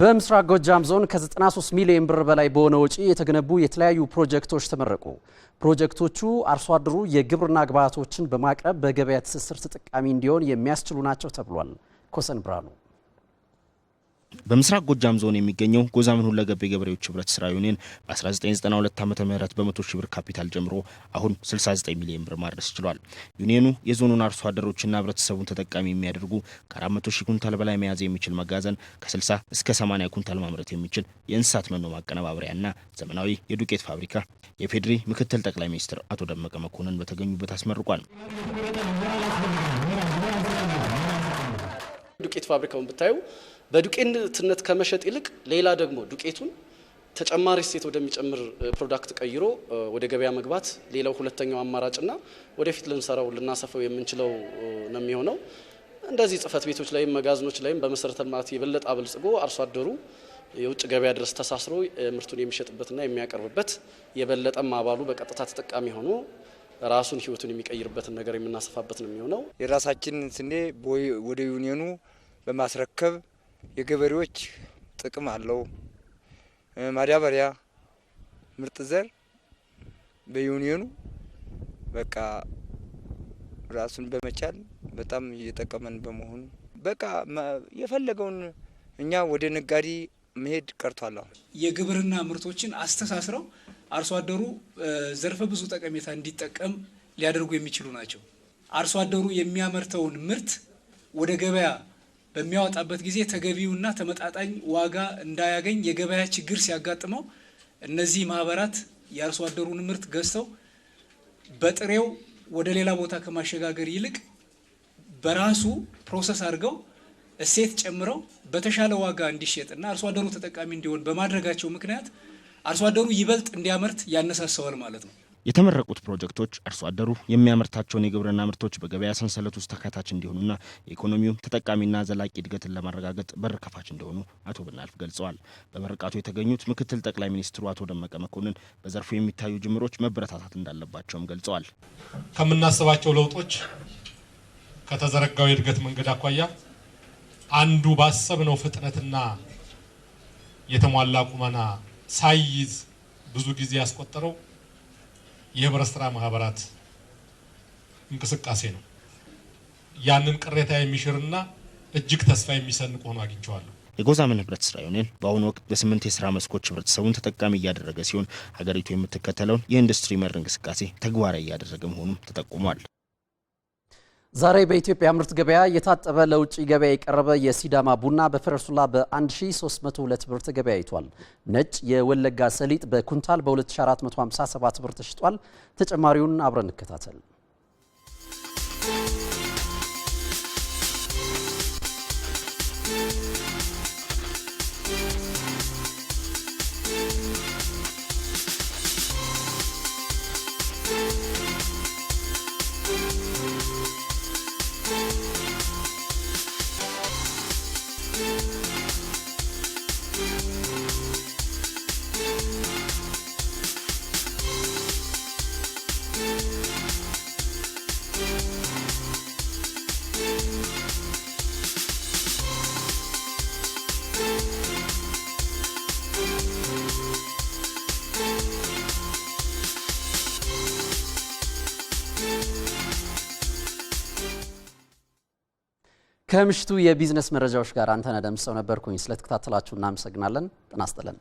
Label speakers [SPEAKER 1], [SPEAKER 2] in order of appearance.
[SPEAKER 1] በምስራቅ ጎጃም ዞን ከ93 ሚሊዮን ብር በላይ በሆነ ወጪ የተገነቡ የተለያዩ ፕሮጀክቶች ተመረቁ። ፕሮጀክቶቹ አርሶ አደሩ የግብርና ግብዓቶችን በማቅረብ በገበያ ትስስር ተጠቃሚ እንዲሆን የሚያስችሉ ናቸው ተብሏል። ኮሰን ብርሃኑ
[SPEAKER 2] በምስራቅ ጎጃም ዞን የሚገኘው ጎዛምን ሁለገብ የገበሬዎች ህብረት ስራ ዩኒየን በ1992 ዓ ም በመቶ ሺህ ብር ካፒታል ጀምሮ አሁን 69 ሚሊዮን ብር ማድረስ ችሏል። ዩኒየኑ የዞኑን አርሶ አደሮችና ህብረተሰቡን ተጠቃሚ የሚያደርጉ ከ400 ሺህ ኩንታል በላይ መያዝ የሚችል መጋዘን፣ ከ60 እስከ 80 ኩንታል ማምረት የሚችል የእንስሳት መኖ ማቀነባበሪያና ዘመናዊ የዱቄት ፋብሪካ የፌዴሪ ምክትል ጠቅላይ ሚኒስትር አቶ ደመቀ መኮንን በተገኙበት አስመርቋል።
[SPEAKER 3] ዱቄት ፋብሪካውን ብታዩ በዱቄትነት ከመሸጥ ይልቅ ሌላ ደግሞ ዱቄቱን ተጨማሪ እሴት ወደሚጨምር ፕሮዳክት ቀይሮ ወደ ገበያ መግባት ሌላው ሁለተኛው አማራጭና ወደፊት ልንሰራው ልናሰፈው የምንችለው ነው የሚሆነው። እንደዚህ ጽህፈት ቤቶች ላይም መጋዘኖች ላይም በመሰረተ ልማት የበለጠ አበልጽጎ አርሶ አደሩ የውጭ ገበያ ድረስ ተሳስሮ ምርቱን የሚሸጥበትና የሚያቀርብበት የበለጠም አባሉ በቀጥታ ተጠቃሚ ሆኖ ራሱን ህይወቱን የሚቀይርበትን ነገር የምናሰፋበት ነው የሚሆነው።
[SPEAKER 4] የራሳችን ስንዴ ወደ ዩኒየኑ በማስረከብ የገበሬዎች ጥቅም አለው። ማዳበሪያ፣ ምርጥ ዘር በዩኒየኑ በቃ ራሱን በመቻል በጣም እየጠቀመን በመሆኑ በቃ የፈለገውን እኛ ወደ ነጋዴ መሄድ ቀርቷል። አሁን
[SPEAKER 5] የግብርና ምርቶችን አስተሳስረው አርሶ አደሩ ዘርፈ ብዙ ጠቀሜታ እንዲጠቀም ሊያደርጉ የሚችሉ ናቸው። አርሶ አደሩ የሚያመርተውን ምርት ወደ ገበያ በሚያወጣበት ጊዜ ተገቢውና ተመጣጣኝ ዋጋ እንዳያገኝ የገበያ ችግር ሲያጋጥመው እነዚህ ማህበራት የአርሶ አደሩን ምርት ገዝተው በጥሬው ወደ ሌላ ቦታ ከማሸጋገር ይልቅ በራሱ ፕሮሰስ አድርገው እሴት ጨምረው በተሻለ ዋጋ እንዲሸጥና አርሶ አደሩ ተጠቃሚ እንዲሆን በማድረጋቸው ምክንያት አርሶ አደሩ ይበልጥ እንዲያመርት ያነሳሰዋል ማለት ነው።
[SPEAKER 2] የተመረቁት ፕሮጀክቶች አርሶ አደሩ የሚያመርታቸውን የግብርና ምርቶች በገበያ ሰንሰለት ውስጥ ተካታች እንዲሆኑና የኢኮኖሚው ተጠቃሚና ዘላቂ እድገትን ለማረጋገጥ በር ከፋች እንደሆኑ አቶ ብናልፍ ገልጸዋል። በምርቃቱ የተገኙት ምክትል ጠቅላይ ሚኒስትሩ አቶ ደመቀ መኮንን በዘርፉ የሚታዩ ጅምሮች መበረታታት እንዳለባቸውም ገልጸዋል።
[SPEAKER 6] ከምናስባቸው ለውጦች ከተዘረጋው የእድገት መንገድ አኳያ አንዱ ባሰብነው ፍጥነትና የተሟላ ቁመና ሳይዝ ብዙ ጊዜ ያስቆጠረው የህብረት ስራ ማህበራት እንቅስቃሴ ነው። ያንን ቅሬታ የሚሽርና እጅግ ተስፋ የሚሰንቅ ሆኖ አግኝቸዋለሁ።
[SPEAKER 2] የጎዛመን ህብረት ስራ ዩኒየን በአሁኑ ወቅት በስምንት የስራ መስኮች ህብረተሰቡን ተጠቃሚ እያደረገ ሲሆን ሀገሪቱ የምትከተለውን የኢንዱስትሪ መር እንቅስቃሴ ተግባራዊ እያደረገ መሆኑም ተጠቁሟል።
[SPEAKER 1] ዛሬ በኢትዮጵያ ምርት ገበያ የታጠበ ለውጭ ገበያ የቀረበ የሲዳማ ቡና በፈረሱላ በ1302 ብር ተገበያይቷል። ነጭ የወለጋ ሰሊጥ በኩንታል በ2457 ብር ተሽጧል። ተጨማሪውን አብረን እንከታተል። ከምሽቱ የቢዝነስ መረጃዎች ጋር አንተነህ ደምሰው ነበርኩኝ። ስለተከታተላችሁ እናመሰግናለን። ጤና ይስጥልን።